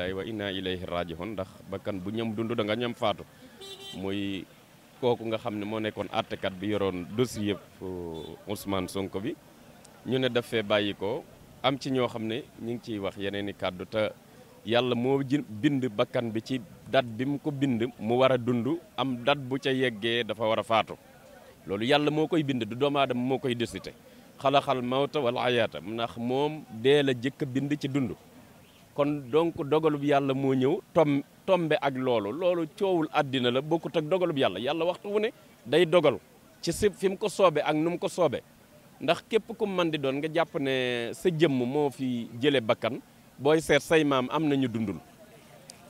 lillahi wa inna ilayhi rajiun ndax bakkan bu ñam dund da nga ñam faatu muy kooku nga xam ne moo nekkoon àttekat bi yoroon dossier yëpp euh, Ousmane sonk bi ñu ne def fee bàyyi ko am ci ñoo xam ne ñu ngi ciy wax yeneen i kàddu yàlla moo bind bakkan bi ci dat bi mu ko bind mu war a dund am dat bu ca yeggee dafa war a faatu loolu yàlla moo koy bind du doomu aadama moo koy décité xalaxal mawta wala ayaata ndax moom dee la jëkk bind ci dund kon donc dogalub yàlla moo ñëw tom tombe ak loolu loolu coowul addina la bokkut ak dogalub yàlla yàlla waxtu wu ne day dogal ci si fi mu ko soobe ak nu mu ko soobe ndax képp ku man di doon nga jàpp ne sa jëmm moo fi jële bakkan booy seet say maam am nañu dundul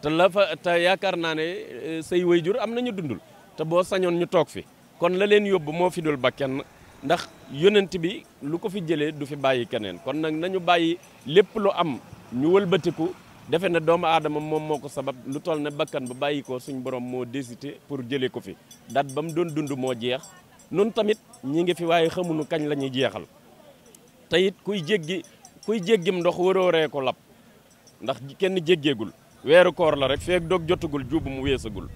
te la fa yaakaar naa ne euh, say wayjur am nañu dundul te boo sañoon ñu toog fi kon la leen yóbbu moo fi dul bakken ndax yonent bi lu ko fi jëlee du fi bàyyi keneen kon nag nañu bàyyi lépp lu am ñu wëlbatiku defe ne doomu aadama moom moo ko sabab lu toll ne bakkan ba bàyyi ko suñ borom moo décidé pour jëlee ko fi date ba mu doon dund moo jeex nun tamit ñi ngi fi waaye xamuñu kañ la ñuy jeexal te it kuy jéggi kuy jéggim ndox wërooree ko lab ndax kenn jéggeegul weeru koor la rek feek doog jotagul juubu mu weesagul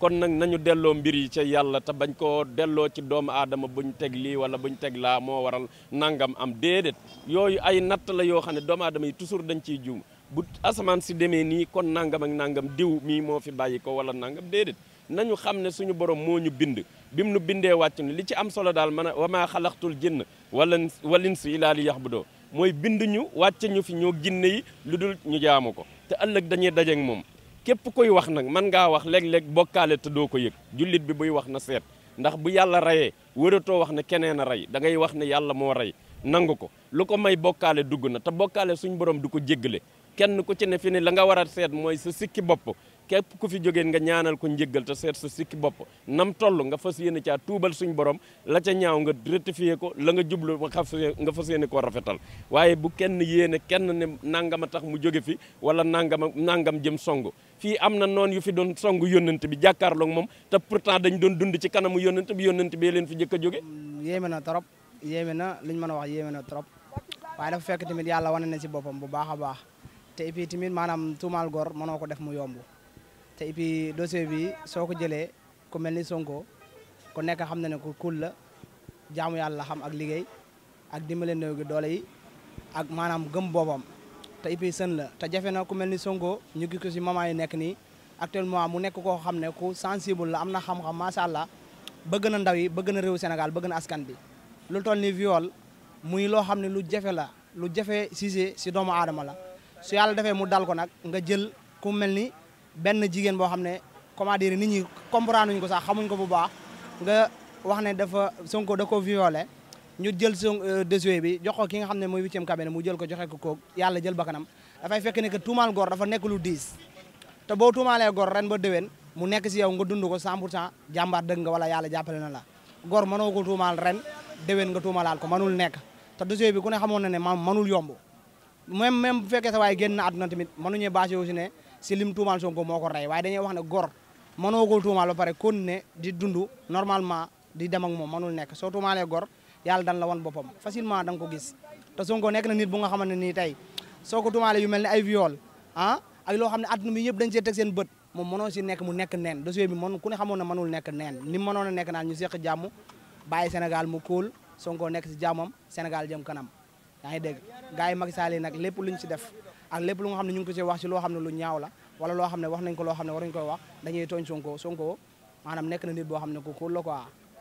kon nag nañu delloo mbir yi ca yàlla te bañ ko delloo ci doomu aadama bu ñu teg lii wala buñ teg laa moo waral nangam am déedéet yooyu ay natt la yoo xam ne doomu aadama yi toujours dañ ciy juum bu asamaan si demee nii kon nangam ak nangam diw mii moo fi bàyyi ko wala nangam déedéet nañu xam ne suñu borom moo ñu bind bi mu nu bindee wàcc ni li ci am solo daal man a wamaa xalaxtul jinn wala walinsu ilaa li yax bu doo mooy bind ñu wàcc ñu fi ñoo ginne lu dul ñu jaamu ko te ëllëg dañuy dajeek moom képp koy wax nag man ngaa wax léeg-léeg bokkaale ta doo ko yëg jullit bi buy wax na seet ndax bu yàlla reyee wëratoo wax na keneen a rey da ngay wax ne yàlla moo rey nangu ko lu ko may bokkaale dugg na te bokkaale suñ borom du ko jéggale kenn ku ci ne fi ne la nga war a seet mooy sa sikki bopp képp ku fi jógee nga ñaanal ko njéggal ta seet sa sikki bopp nam toll nga fas yéene caa tuubal suñ borom la ca ñaaw nga rectifier ko la nga jublu nga fas yéene koo rafetal waaye bu kenn yéene kenn ne nangama tax mu jóge fi wala nangama nangam jëm songu fii am na noon yu fi doon songu yónnent bi jàkkaarloog moom te pourtant dañ doon dund ci kanamu yónnent bi yónnent bee leen fi njëkk a jóge mm, yéeme na trop yéeme na liñ mën a wax yéeme na trop waaye dafa fekk tamit yàlla wane na ci boppam bu baax baax te et puis tamit maanaam tuumaal gor mënoo ko def mu yombu te et puis dossier bi soo ko jëlee ku mel ni Sonko ku nekk xam na ne ku kul la jaamu yàlla xam ak liggéey ak dimbale néew gi doole yi ak maanaam gëm te ipi sën la te jafe na ku ni Sonko ñu gis ko si moment yi nekk nii actuellement mu nekk koo xam ne ku sensible la am na xam-xam macha allah bëgg na ndaw yi bëgg na réew Sénégal bëgg na askan bi lu toll ni viol muy loo xam ne lu jafe la lu jafe sise si doomu aadama la su yàlla defee mu dal ko nag nga jël ku mel ni benn jigéen boo xam ne comment dire nit ñi comprendre wuñ ko sax xamuñ ko bu baax nga wax ne dafa Sonko da ko violé ñu jël son euh, dossier bi jox ko ki nga xam ne mooy huitième cabinet mu jël ko joxe ko kooku yàlla jël bakkanam dafay fekk ne que tuumaal góor dafa nekk lu diis te boo tuumaalee góor ren ba déwén mu nekk si yow nga dund ko 100 pour cent jàmbaar dëgg nga wala yàlla jàppale na la góor mënoo ko tuumaal ren déwén nga tuumalaal ko mënul nekk te dossier bi ku ne xamoon na ne maam mënul yomb même même bu fekkee sa waaye génn na àdduna tamit mënuñu bâché wu si ne si lim moo ko rey waaye dañuy wax ne góor mënoo ko tuumaal ba pare kon ne di dundu normalement di dem ak moom mënul nekk soo tuumaalee gor yàlla dan la wan boppam facilement da nga ko gis te Sonko nekk na nit bu nga xamante nii tey soo ko tumaale yu ay viol ah ak loo xam ne at adduna bi yëpp dañ see teg seen bët moom mënoo si nekk mu nekk neen dossier bi mën na nekk neen ni mënoon a nekk naan ñu seq jàmm bàyyi Sénégal mu kóol Sonko nekk si jàmmam Sénégal jëm kanam yaa ngi dégg gars yi Macky Sall yi nag lépp luñ si def ak lu xam ne ñu ngi ko wax si loo xam ne lu ñaaw la wala loo xam ne wax nañ ko loo xam ne waruñ koy wax dañuy tooñ Sonko Sonko maanaam nekk na nit boo xam ne ku kóol la quoi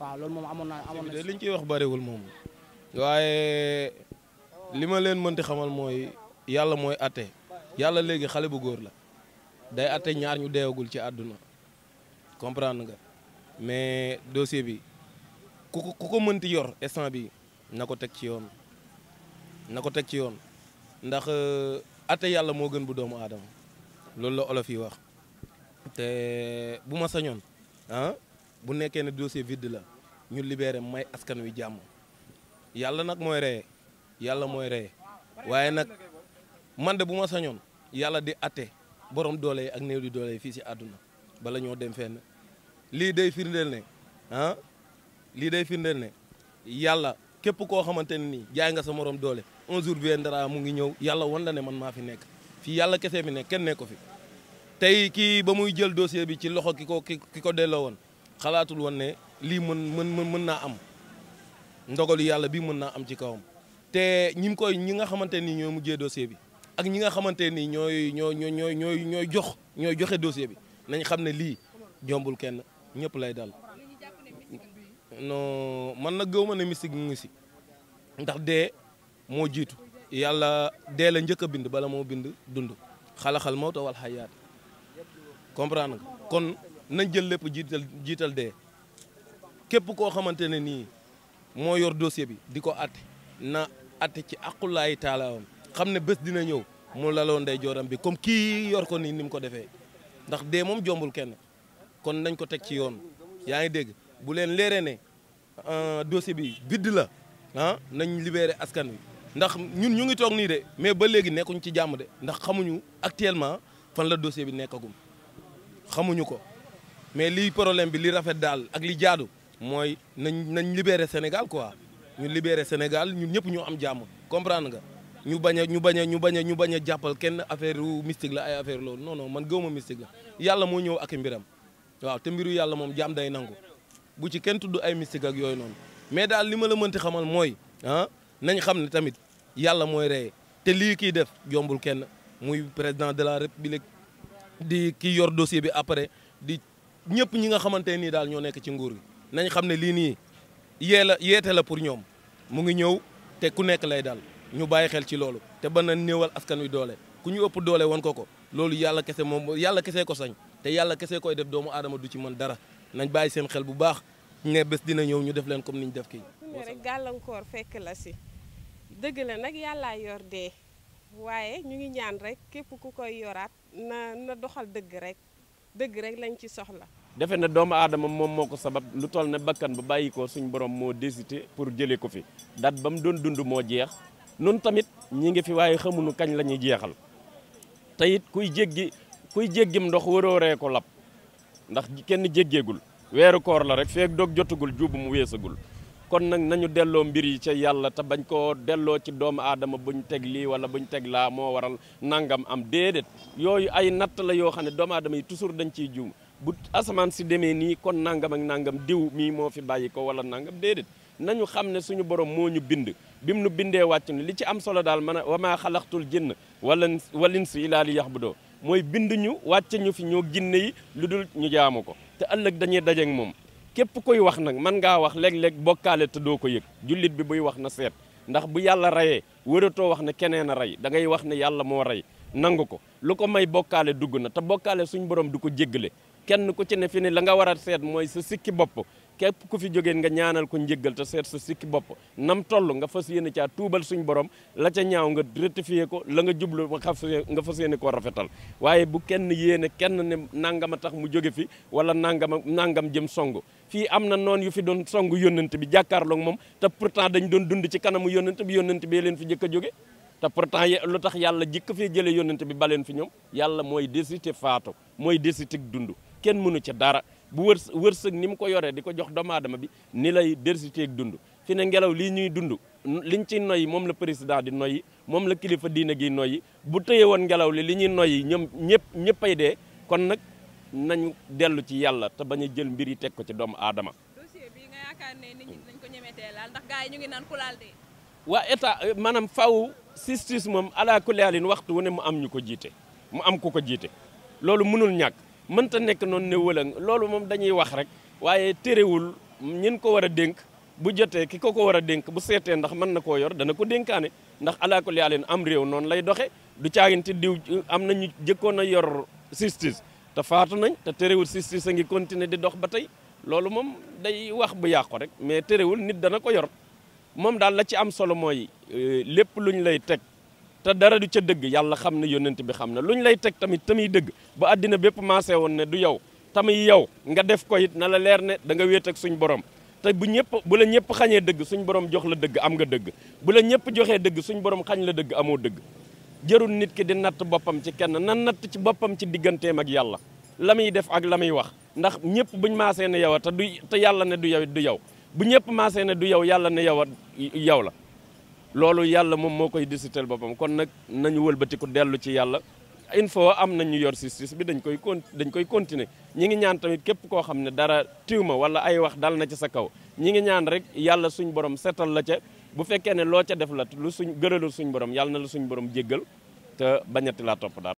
waaw loolu moom amoon naa amoon na li ñu ciy wax bëriwul moom waaye li ma leen mënti xamal mooy yàlla mooy atte yàlla léegi xale bu góor la day atte ñaar ñu deewagul ci àdduna comprendre nga mais dossier bi ku ko ku ko mënti yor instant bi na ko teg ci yoon na ko teg ci yoon ndax euh, atte yàlla moo gën bu doomu aadama loolu la olof yi wax te bu ma sañoon ah bu nekkee ne dossier vide la ñu libéré may askan wi jàmm yàlla nag mooy reye yàlla mooy reye waaye nag man de bu ma sañoon yàlla di atte borom doole ak néew di doole yi fii si àdduna bala ñoo dem fenn lii day firndeel ne ah lii day firndeel ne yàlla képp koo xamante ne nii jaay nga sa morom doole un jour viendra mu ngi ñëw yàlla wan la ne man maa fi nekk fii yàlla kese fi nekk kenn fi tey kii ba muy jël dossier bi ci loxo ki ko ki ko delloo woon xalaatul woon ne lii mën mën mën naa am ndogalu yàlla bii mën naa am ci kawam te ñi koy ñi nga xamante ni ñooy mujjee dossier bi ak ñi nga xamante ni ñooy ñooy ñooy ñooy ñooy jox ñooy joxe dossier bi nañ xam ne lii jombul kenn ñëpp lay dal noo man na gëw ma ne mystique mu ngi si ndax dee moo jiitu yàlla dee la njëkk a bind bala moo bind dund xalaxal mawta wal xayaat comprendre nga kon nañ jël lépp jiital jiital dee képp koo xamante ne nii moo yor dossier bi di ko atte na atte ci aqulaayi taalaawam xam ne bés dina ñëw mu laloon day jooram bi comme kii yor ko nii ni mu ko defee ndax dee moom jombul kenn kon nañ ko teg ci yoon yaa ngi dégg bu leen leeree ne euh, dossier bi vide la ah nañ libéré askan wi ndax ñun ñu ngi toog nii de mais ba léegi nekkuñ ci jàmm de ndax xamuñu actuellement fan la dossier bi nekkagum xamuñu ko mais lii problème bi li rafet daal ak li jaadu mooy nañ nañ libéré Sénégal quoi ñu libéré Sénégal ñun ñëpp ñu am jàmm comprendre nga ñu bañ a ñu bañ a ñu bañ a ñu bañ a jàppal kenn affaire mystique la ay affaire loolu non non man gëwuma mystique la yàlla moo ñëw ak mbiram waaw te mbiru yàlla moom jaam day nangu bu ci kenn tudd ay mystique ak yooyu noonu mais daal li ma la mënti xamal mooy ah nañ xam ne tamit yàlla mooy reye te lii kii def jombul kenn muy président de la république di ki yor dossier bi après di ñëpp ñi nga xamante nii daal ñoo nekk ci nguur gi nañ xam ne lii nii yee la yeete la pour ñoom mu ngi ñëw te ku nekk lay dal ñu bàyyi xel ci loolu te ba na néewal askan wi doole ku ñu ëpp doole woon ko ko loolu yàlla kese moom yàlla kese ko sañ te yàlla kese koy def doomu aadama du ci mën dara nañ bàyyi seen xel bu baax ne bés dina ñëw ñu def leen comme ni ñu def kii. rek gàllankoor fekk la si dëgg la nag yàlla yor dee waaye ñu ngi ñaan rek képp ku koy yoraat na na doxal dëgg rek. dëgg rek lañ ci soxla. defe ne doomu aadama moom moo ko sabab lu toll ne bakkan ba bàyyi ko suñ borom moo décidé pour jëlee ko fi date ba mu doon dund moo jeex nun tamit ñi ngi fi waaye xamuñu kañ la ñuy jeexal te it kuy jéggi kuy jéggim ndox wërooree ko lab ndax kenn jéggeegul weeru koor la rek feek doog jotagul juubu mu weesagul kon nag nañu delloo mbir yi ca yàlla te bañ ko delloo ci doomu aadama bu ñu teg lii wala buñ teg laa moo waral nangam am déedéet yooyu ay natt la yoo xam ne doomu aadama yi toujours dañ ciy juum bu asamaan si demee nii kon nangam ak nangam diw mii moo fi bàyyi ko wala nangam déedéet nañu xam ne suñu borom moo ñu bind bi mu nu bindee wàcc ni li ci am solo daal man a wamaa xalaxtul jinn wala walinsu ilaa li yax bu doo mooy bind ñu wàcc ñu fi ñoo ginne lu dul ñu jaamu ko te ëllëg dañuy dajeek moom képp koy wax nag man ngaa wax léeg-léeg bokkaale te doo ko yëg jullit bi buy wax na seet ndax bu yàlla reyee wëratoo wax na keneen a rey da ngay wax ne yàlla moo rey nangu ko lu ko may bokkaale dugg na te bokkaale suñ borom du ko jéggale kenn ku ci ne fi ne la nga war a seet mooy sa sikki bopp képp ku fi jógeen nga ñaanal ko njëggal te seet sa sikki bopp nam toll nga fas yéene caa tuubal suñ borom la ca ñaaw nga rectifier ko la nga jublu nga fas yéene ko rafetal waaye bu kenn yéene kenn ne nangama tax mu jóge fi wala nangama nangam jëm song fii am na noonu yu fi doon songu yónnante bi jàkkaarloog moom te pourtant dañ doon dund ci kanamu yónnante bi yónnante bee leen fi njëkk a jóge te pourtant lu tax yàlla jikk fee jëlee yónnante bi baleen fi ñoom yàlla mooy décité faatu mooy décité dund kenn mënu ca dara bu wër wërsëg ni mu ko yoree di ko jox doomu aadama bi ni lay dërsiteeg dund fi ne ngelaw lii ñuy dund liñ ci noyyi moom la président di noy moom la kilifa diina gi noy bu tëye woon ngelaw li li ñuy noy ñoom ñëpp ñëppay de kon nag nañu dellu ci yàlla te bañ a jël mbir yi teg ko ci doomu aadama. dossier bi nga yaakaar ne nit ñi ko ñemetee laal ndax gars yi ñu ngi naan ku laal dee. waa état euh, maanaam faw justice moom ala kulli waxtu wu ne mu am ñu ko jiite mu am ku ko jiite loolu mënul ñàkk. mënta nekk noonu ne wëlëng loolu moom dañuy wax rek waaye terewul ñin ko war a dénk bu jotee ki ko ko war a dénk bu seetee ndax mën na koo yor dana ko dénkaane ndax alaakul yàlla am réew noonu lay doxe du caaginti diw am nañu jëkkoon a yor justice te faatu nañ te terewul justice a ngi continuer di dox ba tey loolu moom day wax bu yàqu rek mais terewul nit dana ko yor moom daal la ci am solo mooy euh, lépp luñ lay teg te dara du ca dëgg yàlla xam na yónnent bi xam na lu ñu lay teg tamit tamuy dëgg ba àddina bépp maasee woon ne du yow tamuy yow nga def ko it na la leer ne da nga wéet ak suñu borom te bu ñëpp bu la ñëpp xañee dëgg suñ borom jox la dëgg am nga dëgg bu la ñëpp joxee dëgg suñu borom xañ la dëgg amoo dëgg jërul nit ki di natt boppam ci kenn na natt ci boppam ci digganteem ak yàlla la muy def ak la muy wax ndax ñëpp buñ maasee ne yow a te du te yàlla ne du yow du yow bu ñëpp maasee ne du yow yàlla ne yow a yow la loolu yàlla moom moo koy décider boppam kon nag nañu wëlbatiku dellu ci yàlla une fois am nañ ñu yor justice bi dañ koy con dañ koy continuer ñi ngi ñaan tamit képp koo xam ne dara tiwma wala ay wax dal na ci sa kaw ñi ngi ñaan rek yàlla suñ borom seetal la ca bu fekkee ne loo ca def la lu suñ gëralul suñ borom yàlla na la suñ borom jéggal te bañati laa topp daal